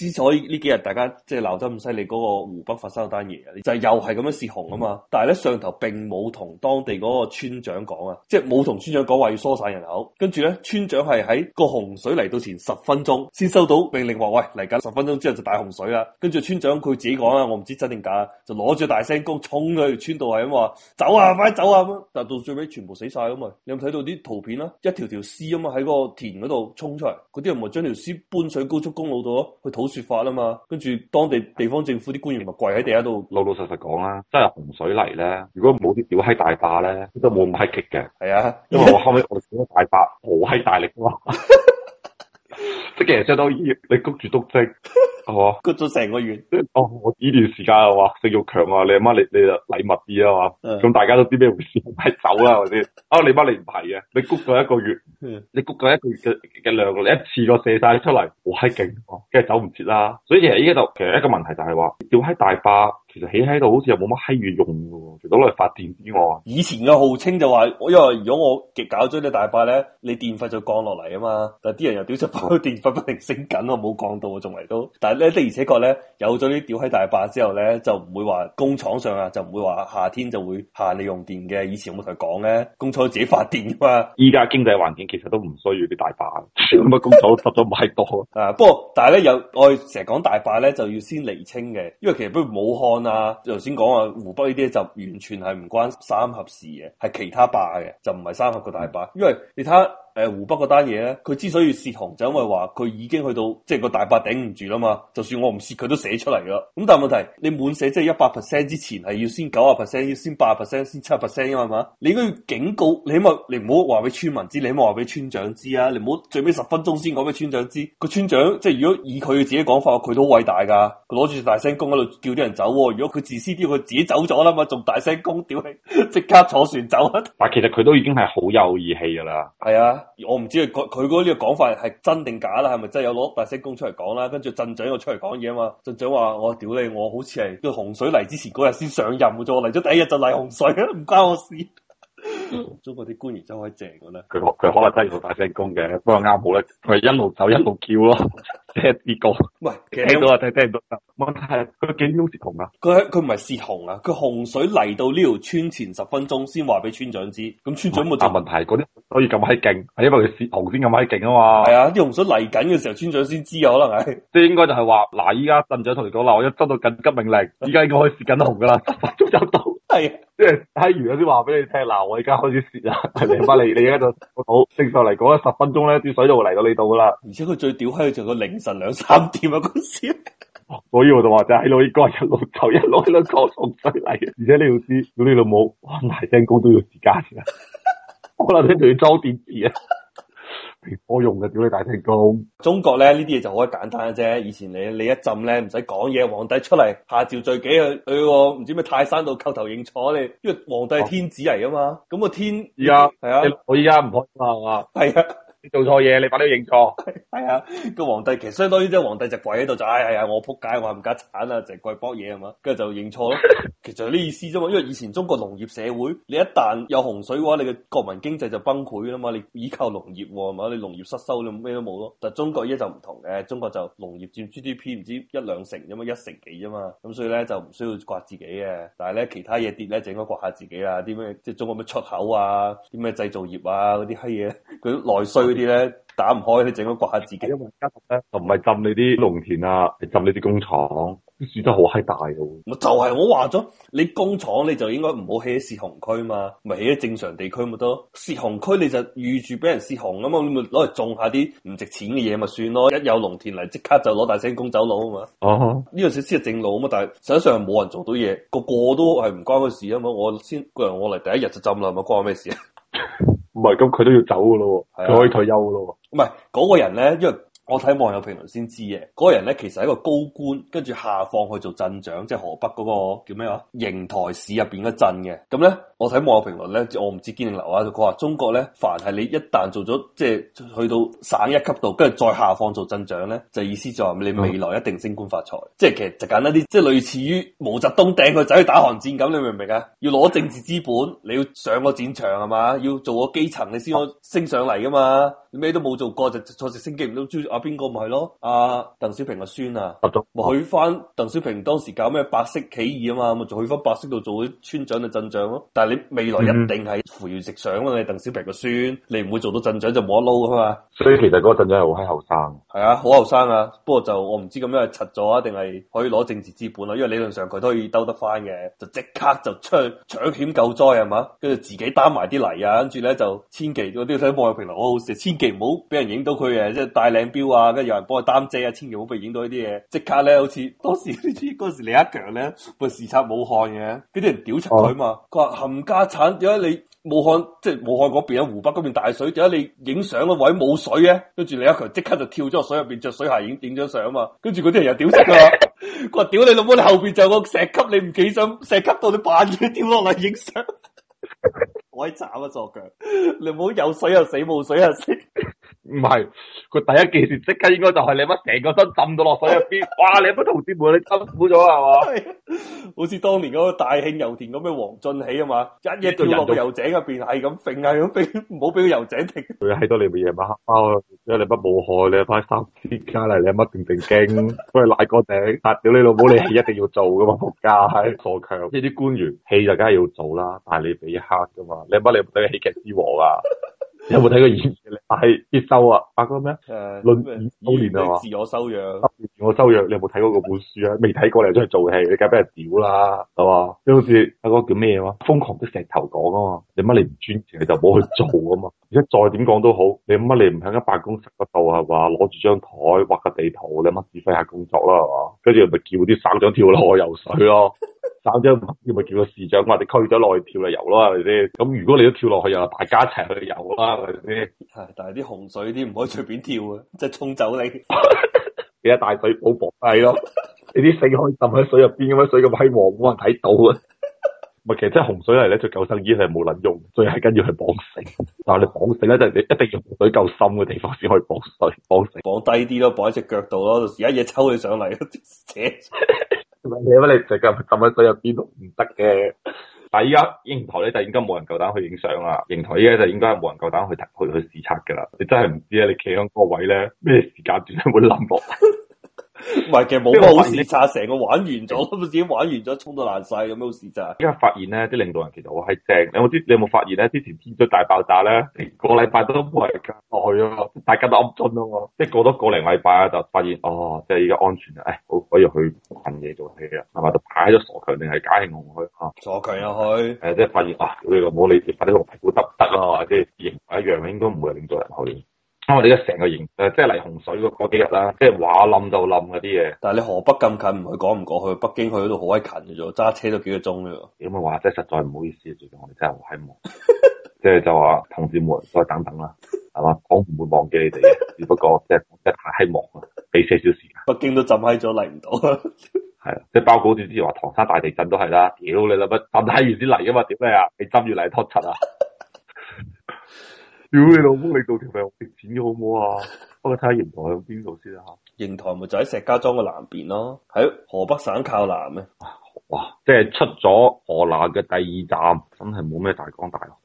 之所以呢幾日大家即係鬧得咁犀利，嗰個湖北發生嗰單嘢啊，就係、是、又係咁樣泄洪啊嘛。但係咧上頭並冇同當地嗰個村長講啊，即係冇同村長講話要疏散人口。跟住咧，村長係喺個洪水嚟到前十分鐘先收到命令，話喂嚟緊十分鐘之後就大洪水啦。跟住村長佢自己講啊，我唔知真定假，就攞住大聲公衝去條村度係咁話走啊，快走啊！但到最尾全部死晒啊嘛。你有冇睇到啲圖片啦？一條條屍啊嘛喺個田嗰度衝出嚟，嗰啲人咪將條屍搬上高速公路度咯，去土說法啊嘛，跟住當地地方政府啲官員咪跪喺地下度老老實實講啦，真係洪水嚟咧，如果冇啲屌閪大壩咧，都冇咁閪激嘅，係啊，因為我後屘我整咗大壩，好閪大力啊嘛。 即其係即係都你谷住篤精，係嘛？谷咗成個月， 哦！依段時間啊，哇！性欲強啊，你阿媽你你禮物啲啊嘛，咁的大家都知咩回事，係的 走啦，啊，先。哦，你媽你唔係啊，你谷咗一個月，的你谷咗一個月嘅嘅量，你一次過射晒出嚟，好閪勁，跟住走唔切啦。所以其實依家就其實一個問題就係、是、話，要喺大巴。就起喺度，好似又冇乜閪嘢用嘅，除咗攞嚟發電之外。啊、以前嘅號稱就話，因為如果我極搞咗啲大壩咧，你電費就降落嚟啊嘛。但係啲人又屌出翻啲電費不停升緊、啊，我冇降到啊，仲嚟都。但係咧的而且確咧，有咗啲屌喺大壩之後咧，就唔會話工廠上啊，就唔會話夏天就會限你用電嘅。以前我同佢講咧，工廠自己發電噶嘛。依家經濟環境其實都唔需要啲大壩，咁啊 工廠搭咗唔係多 啊。不過但係咧有我成日講大壩咧，就要先厘清嘅，因為其實比如武漢啊。啊！頭先講話湖北呢啲咧，就完全係唔關三峽事嘅，係其他壩嘅，就唔係三峽個大壩，因為你睇。誒，湖北嗰單嘢咧，佢之所以泄洪，就是、因為話佢已經去到即係個大壩頂唔住啦嘛。就算我唔泄，佢都寫出嚟噶。咁但係問題，你滿寫即係一百 percent 之前係要先九啊 percent，要先八啊 percent，先七啊 percent，係嘛，你應該要警告你，起碼你唔好話俾村民知，你起碼話俾村長知啊。你唔好最尾十分鐘先講俾村長知。個村長即係如果以佢自己講法，佢都好偉大噶。佢攞住大聲公喺度叫啲人走，啊。如果佢自私啲，佢自己走咗啦嘛，仲大聲公屌你，即刻坐船走啊！但其實佢都已經係好有義氣噶啦，係啊。我唔知佢佢嗰啲嘅講法係真定假啦，係咪真係有攞大聲公出嚟講啦？跟住鎮長又出嚟講嘢啊嘛，鎮長話我屌你，我好似係啲洪水嚟之前嗰日先上任嘅啫，嚟咗第一日就嚟洪水，唔關我事。 中國啲官員真係正嘅咧，佢佢可能真係做大聲公嘅，不過啱好咧，佢一路走一路叫咯，即係呢個。喂，係聽到啊，聽到聽到聽到。問題佢幾時洩洪啊？佢佢唔係洩洪啊，佢洪水嚟到呢條村前十分鐘先話俾村長知，咁村長冇答問題嗰啲。可以咁閪勁係因為佢泄洪先咁閪勁啊嘛，係啊啲洪水嚟緊嘅時候，村長先知啊，可能係，即係應該就係話嗱，依家鎮長同你講啦，我一收到緊急命令，依家應該開始泄緊洪噶啦，十分鐘就到，係、啊，即係例如我先話俾你聽，嗱，我而家開始泄啦，係你翻嚟，你而家就好正常嚟講，那個、十分鐘咧啲水就會嚟到呢度噶啦，而且佢最屌喺嘅做到凌晨兩三點啊所以我就話就喺度應該一落就一落兩筐水嚟而且呢度，知，如果你老母哇大聲公都要時間。可能你仲要裝電視啊？我用嘅屌你大平功。中國咧呢啲嘢就好簡單嘅啫。以前你你一浸咧，唔使講嘢，皇帝出嚟下召罪己去去，唔、哎、知咩泰山度叩頭認錯。你，因為皇帝係天子嚟啊嘛。咁、啊、個天，係在啊，我依家唔可啊，哎呀。你做錯嘢，你快啲認錯。係啊，個皇帝其實相當於即係皇帝就跪喺度就，哎，係啊，我仆街，我唔加鏟啦，淨跪剝嘢係嘛，跟住就認錯咯。 其實係呢意思啫嘛，因為以前中國農業社會，你一旦有洪水嘅話，你嘅國民經濟就崩潰啦嘛，你依靠農業係嘛，你農業失收你咩都冇咯。但係中國依家就唔同嘅，中國就農業佔 GDP 唔知一兩成，啫嘛，一成幾啫嘛，咁所以咧就唔需要刮自己嘅。但係咧其他嘢跌咧，就應該刮下自己啊，啲咩即係中國咩出口啊，啲咩製造業啊嗰啲閪嘢，佢內需。 啲咧打唔開，你整個刮下自己。因為家下咧就唔係浸你啲農田啊，係浸你啲工廠。啲樹真好閪大嘅喎，就係。我就係我話咗，你工廠你就應該唔好起喺泄洪區嘛，咪起喺正常地區咪得咯。泄洪區你就預住俾人泄洪啊嘛，咪攞嚟種下啲唔值錢嘅嘢咪算咯。一有農田嚟即刻就攞大聲公走佬啊嘛。哦、uh，呢個先係正路啊嘛，但係實際上冇人做到嘢，個個都係唔關佢事啊嘛。我先個人，我嚟第一日就浸啦，咪關我咩事啊？ 唔係咁佢都要走噶咯，佢的可以退休噶咯。唔係嗰個人咧，因為。我睇網友評論先知嘅，嗰、那個人咧，其實係一個高官，跟住下放去做鎮長，即係河北嗰、那個叫咩啊？邢台市入邊嗰鎮嘅。咁咧，我睇網友評論咧，我唔知堅定樓啊，佢話中國咧，凡係你一旦做咗，即係去到省一級度，跟住再下放做鎮長咧，就意思就話你未來一定升官發財。嗯、即係其實就簡單啲，即係類似於毛澤東掟個仔去打韓戰咁，你明唔明啊？要攞政治資本，你要上個戰場係嘛？要做個基層，你先可升上嚟噶嘛？你咩都冇做過就坐直升機唔都邊個唔係咯？阿、啊、鄧小平個孫啊，咪、嗯、去翻鄧小平當時搞咩百色起義啊嘛，咪就去翻百色度做村長嘅鎮長咯。但係你未來一定係扶搖直上咯，嗯，你鄧小平個孫，你唔會做到鎮長就冇得撈噶嘛。所以其實嗰個鎮長係好閪後生，係啊，好後生啊。不過就我唔知咁樣係拆咗啊，定係可以攞政治資本啊？因為理論上佢都可以兜得翻嘅，就即刻就搶搶險救災係嘛，跟住自己擔埋啲泥啊，跟住咧就千祈我啲睇網友評論好好食，千祈唔好俾人影到佢誒，即係帶領標。話，跟住有人幫佢擔遮啊，千祈唔好俾影到呢啲嘢。即刻咧，好似當時嗰時李克強咧，去視察武漢嘅，嗰啲人屌柒佢嘛。佢話冚家鏟，點解你武漢即係武漢嗰邊喺湖北嗰邊大水，點解你影相或者冇水嘅？跟住李克強即刻就跳咗落水入邊，着水鞋影影張相嘛。跟住嗰啲人又屌調查佢，話 屌你老母，你後邊就個石級，你唔企上石級到你扮住跌落嚟影相，我好慘啊，傻強，你唔好有水又死，冇水又死。 唔係，佢第一件事即刻應該就係你乜成個身浸到落水入邊，哇！你乜同志們，你辛苦咗係嘛？好似當年嗰個大慶油田咁嘅黃進喜啊嘛，一躍落油井入邊，係咁揈，係咁俾，唔好俾個油井停。喺到你咪夜晚黑，因為你乜冇害，你係拍三千加嚟，你乜定定驚，喂，係賴個頂。屌你老母，你戲一定要做噶嘛，國家傻強。呢啲官員戲就梗係要做啦，但係你俾一刻噶嘛，你乜你唔得？喜劇之王啊！你有冇睇過演？但係接收啊，阿哥咩？誒，論老麼年係自我修養，我修養。你有冇睇過嗰本書啊？未睇 過你，你真係做戲，你梗係俾人屌啦，係嘛？你好似阿哥叫咩話？瘋狂的石頭講啊嘛，你乜你唔專業，你就冇去做啊嘛。 而家再點講都好，你乜你唔喺間辦公室嗰度係嘛，攞住張台畫個地圖，你乜指揮下工作啦係嘛？跟住咪叫啲省長跳河游水咯、啊。 走咗，要咪叫個市長或者區長落去跳嚟游咯，係咪先？咁如果你都跳落去，又大家一齊去游啦，係咪先？但係啲洪水啲唔可以隨便跳啊，即係沖走你。 你一大水補補係咯，你啲繩可以浸喺水入邊，咁樣水咁黑黃，冇人睇到啊。唔係，其實真係洪水嚟咧，着救生衣係冇卵用，最係跟住去綁繩。但係你綁繩咧，就你一定要水夠深嘅地方先可以綁繩。綁繩綁低啲咯，綁喺隻腳度咯，有嘢抽你上嚟。 唔係嘢你成日浸喺水入邊度唔得嘅。但係依家邢台咧就應該冇人夠膽去影相啦。邢台依家就應該係冇人夠膽去去去視察噶啦。你真係唔知咧，你企響嗰個位咧，咩時間段會冧落？ 唔係，其實冇好事咋，成個玩完咗，咪自己玩完咗，衝到爛晒，咁樣好事咋。因為發現咧，啲領導人其實我係正，有冇啲？你有冇發現咧？之前天津大爆炸咧，個禮拜都冇人落去啊，嘛，大家都噏唔進啊嘛。即係過個多個零禮拜啊，就發現，哦，即係而家安全啊。誒，可可以去揾嘢做嘅啦，係嘛？就排喺咗傻強定係假慶紅去啊？傻強入、啊、去，誒、呃，即係發現，哇、啊！呢個冇理，理行行、啊，即係呢個屁股耷耷咯，即係形一樣，應該唔會有領導人去。因為你而家成個型，誒，即係嚟洪水嗰幾日啦，即係話冧就冧嗰啲嘢。但係你河北咁近，唔係趕唔過去？北京去嗰度好鬼近嘅啫，揸車都幾個鐘嘅。咁啊話，真係實在唔好意思，最近我哋真係希望， 即係就話同志們再等等啦，係嘛？我唔會忘記你哋嘅，只不過即係即係太忙啊，俾少少時間。北京都浸喺咗嚟唔到。係啊，即 係包括之前話唐山大地震都係啦。屌你老母，浸喺完先嚟啊嘛？點咩啊？你浸住嚟拖七啊？ 屌 你老母！你做條片嘅好唔好看看啊？我哋睇下邢台喺邊度先吓。邢台咪就喺石家莊嘅南邊咯，喺河北省靠南咩？哇！即係出咗河南嘅第二站，真係冇咩大江大河。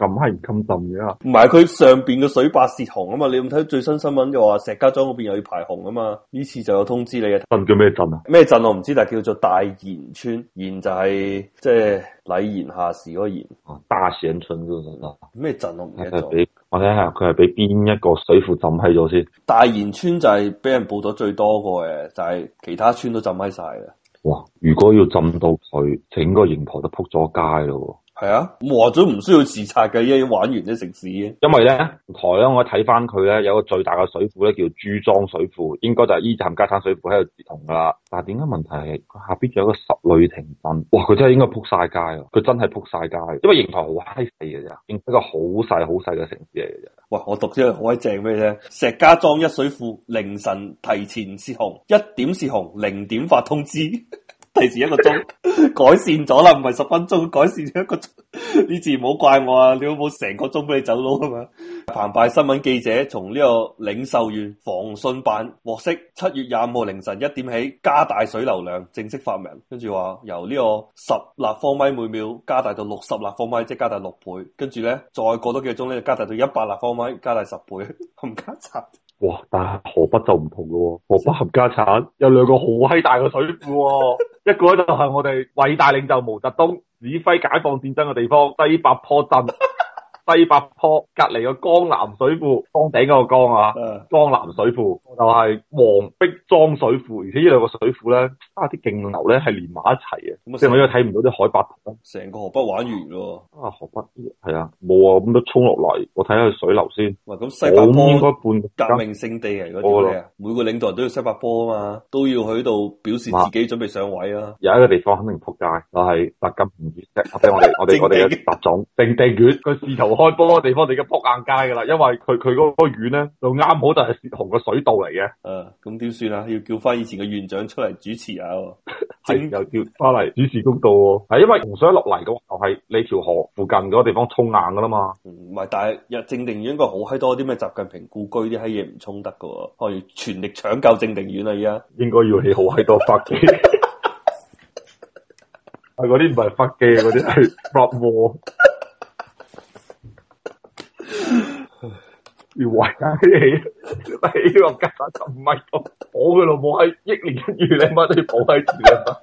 咁係唔襟浸嘅啊！唔係佢上邊嘅水壩泄洪啊嘛！你有冇睇最新新聞？又話石家莊嗰邊又要排洪啊嘛！呢次就有通知你啊！鎮叫咩鎮啊？咩鎮我唔知，但係叫做大賢村，賢就係即係禮賢下士嗰個賢啊！大賢村嘅鎮啊！咩鎮我唔記得咗。我睇下佢係俾邊一個水庫浸喺咗先。大賢村就係俾人報咗最多個嘅，就係、是、其他村都浸喺晒啦。哇！如果要浸到佢，整個邢台都扑咗街咯。係啊，話咗唔需要視察嘅，因為玩完啲城市。因為邢台咧，我睇翻佢咧，有個最大嘅水庫咧叫朱莊水庫，應該就係依站加產水庫喺度泄洪噶啦。但係點解問題係佢下邊仲有個十里亭鎮？哇！佢真係應該扑晒街啊！佢真係扑晒街，因為邢台好嗨細嘅啫，一個好細好細嘅城市嚟嘅啫。喂，我讀咗好正咩啫？石家莊一水庫凌晨提前泄洪，一點泄洪零點發通知。提前一個鐘改善咗啦，唔係十分鐘改善咗一個鐘。呢次唔好怪我啊！你好冇成個鐘俾你走佬啊嘛！澎湃新聞記者從呢個領秀院防汛辦獲悉，七月廿五號凌晨一點起加大水流量，正式發文。跟住話由呢個十立方米每秒加大到六十立方米，即加大六倍。跟住咧，再過多幾個鐘咧，就加大到一百立方米，加大十倍，咁 家鏟！哇！但係河北就唔同咯，河北冚家產有兩個好閪大嘅水庫，哦， 一個咧就係我哋偉大領袖毛澤東指揮解放戰爭嘅地方——西柏坡鎮。西柏坡隔籬個江南水庫，江頂嗰個江啊，uh, 江南水庫就係黃壁莊水庫，而且呢兩個水庫咧，啊啲徑流咧係連埋一齊嘅。咁啊整，正我又睇唔到啲海拔。成個河北玩完咯、啊。啊，河北係啊，冇啊，咁都沖落嚟。我睇下水流先。咁西柏坡本應該半革命聖地嚟嗰啲嘢。每個領導人都要西柏坡啊嘛， 都要喺度表示自己準備上位啊。有一個地方肯定扑街，就係、是、白金越石。我哋， 定的 我哋我哋我哋嘅特總定地越個仕途。開波嘅地方，你而家撲硬街噶啦，因為佢佢嗰個院咧就啱好就係洩洪嘅水道嚟嘅。誒、啊，咁點算啊？要叫翻以前嘅院長出嚟主持下係 又叫翻嚟主持公道喎、啊。係因為洪水落嚟嘅話，係呢條河附近嗰個地方沖硬噶啦嘛。唔係、嗯，但係正定院應該好閪多啲咩習近平故居啲喺嘢，唔沖得噶喎。我全力搶救正定院啦，依家。應該要起好閪多發電機。係嗰啲唔係發電機，嗰啲係 block 要壞起，呢個家產唔係我，我嘅老婆喺億年一遇，你媽都要抱喺住啊！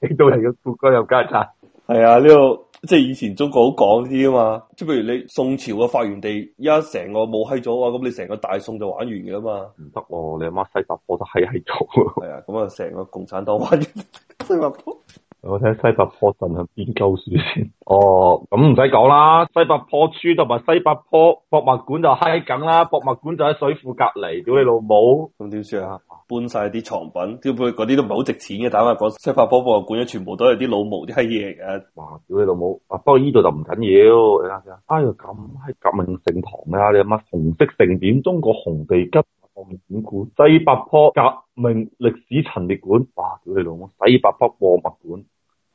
你都嚟嘅富哥有家產，係啊，呢個即係以前中國好講啲啊嘛，即係譬如你宋朝嘅發源地，而家成個冇喺咗啊，咁你成個大宋就玩完嘅啦嘛，唔得哦，你阿媽西柏坡都喺喺度，係啊，咁啊成個共產黨玩西柏坡。我睇西柏坡鎮係邊鳩書先？哦，咁唔使講啦。西柏坡村同埋西柏坡博物館就閪梗啦。博物館就喺水庫隔籬，屌你老母！咁點算啊？搬晒啲藏品，屌佢嗰啲都唔係好值錢嘅。但係我講西柏坡博物館全部都係啲老毛啲閪嘢嘅。哇，屌你老母！啊，不過呢度就唔緊要。哎呀，咁閪革命聖堂啊！你有乜紅色聖典，中國紅地吉抗戰館、西柏坡革命歷史陳列館、哇，屌你老母，西柏坡博物館。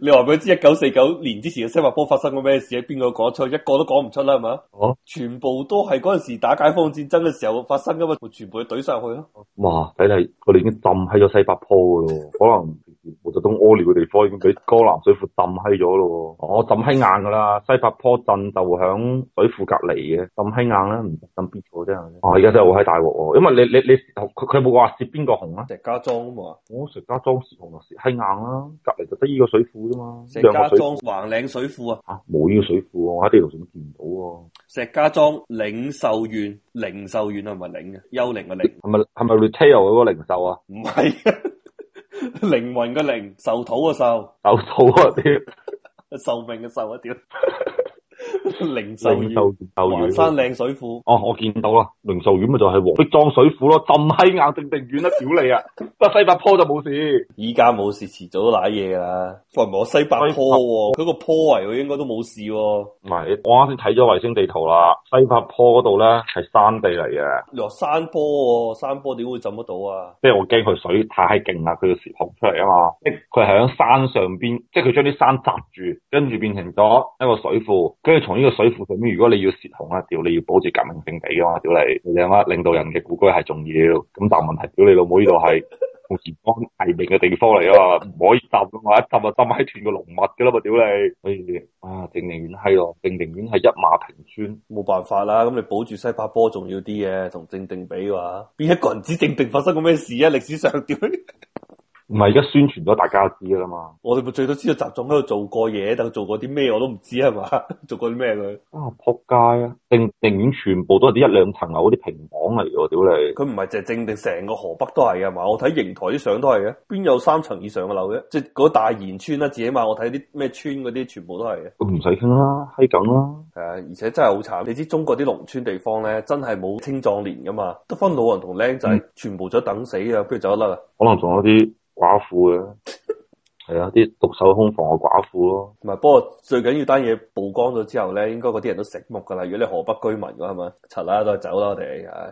你話俾我知一九四九年之前嘅西柏坡發生過咩事？邊個講出一個都講唔出啦，係咪？啊、全部都係嗰陣時打解放戰爭嘅時候發生噶嘛？全部懟晒去啦。哇，睇嚟我哋已經浸喺咗西柏坡噶咯，可能毛澤東屙尿嘅地方已經俾江南水庫浸喺咗咯。我浸喺硬噶啦，西柏坡鎮就響水庫隔籬嘅，浸稀硬啦，唔浸邊處啫。我而家真係好閪大鑊喎，因為你你你佢冇話涉邊個紅啊、哦？石家莊啊嘛，我石家莊涉紅啊，涉稀硬啦，隔籬就得呢個水庫。庫嘛，石家莊橫嶺水庫啊，啊，冇呢個水庫，我喺呢度上都見唔到。石家莊靈壽縣，靈壽縣係咪領啊？幽靈嘅靈？係咪係咪 retail 嗰個零售啊？唔係，啊，靈魂嘅靈，壽土嘅壽， 壽土啊，屌，壽命嘅壽啊，屌、啊。 靈秀、靈秀 丸、靈秀，橫山嶺水庫哦，我見到啦，靈秀園咪就係壁莊水庫咯，浸閪硬，硬定定遠得屌你啊，不過西柏坡就冇事，依家冇事，遲早都瀨嘢啦，唔係我西柏坡，佢個坡圍、啊、應該都冇事、啊，唔係我啱先睇咗衛星地圖啦，西柏坡嗰度咧係山地嚟嘅，你話山坡、啊，山坡點會浸得到啊？即係我驚佢水太勁啦，佢要泄洪出嚟啊嘛，即係佢係喺山上邊，即係佢將啲山閘住，跟住變成咗一個水庫，跟從呢個水庫上面，如果你要洩洪啊，屌你要保住革命聖地嘅嘛，屌你，你諗下領導人嘅故居係重要，咁答問題，屌你老母呢度係同石崗革命嘅地方嚟啊嘛，唔可以浸啊嘛，一浸啊浸喺斷個龍脈嘅咯嘛，屌你，所以啊，正定縣係咯，正定縣係一馬平川，冇辦法啦，咁你保住西柏坡重要啲嘢，同正定比話、啊，邊一個人知正定發生過咩事啊？歷史上屌。 唔係，而家宣傳咗，大家就知啦嘛。我哋咪最多知道習總喺度做過嘢，但做過啲咩我都唔知係嘛？做過啲咩佢啊？撲街啊！定定遠全部都係啲一兩層樓啲平房嚟㗎，屌你！佢唔係淨係正定成個河北都係嘅嘛？我睇邢台啲相都係嘅，邊有三層以上嘅樓嘅？即係嗰大賢村啦、啊，至起碼我睇啲咩村嗰啲全部都係嘅。唔使傾啦，係咁啦，係、啊、而且真係好慘，你知中國啲農村地方咧，真係冇青壯年㗎嘛，得翻老人同僆仔，嗯、全部都等死啊！不如就走啦，可能仲有啲。寡婦啊，係啊，啲獨守空房嘅寡婦咯。唔係，不過最緊要單嘢曝光咗之後咧，應該嗰啲人都醒目噶啦。如果你河北居民嘅話係咪？柒啦，都係走啦，我哋唉。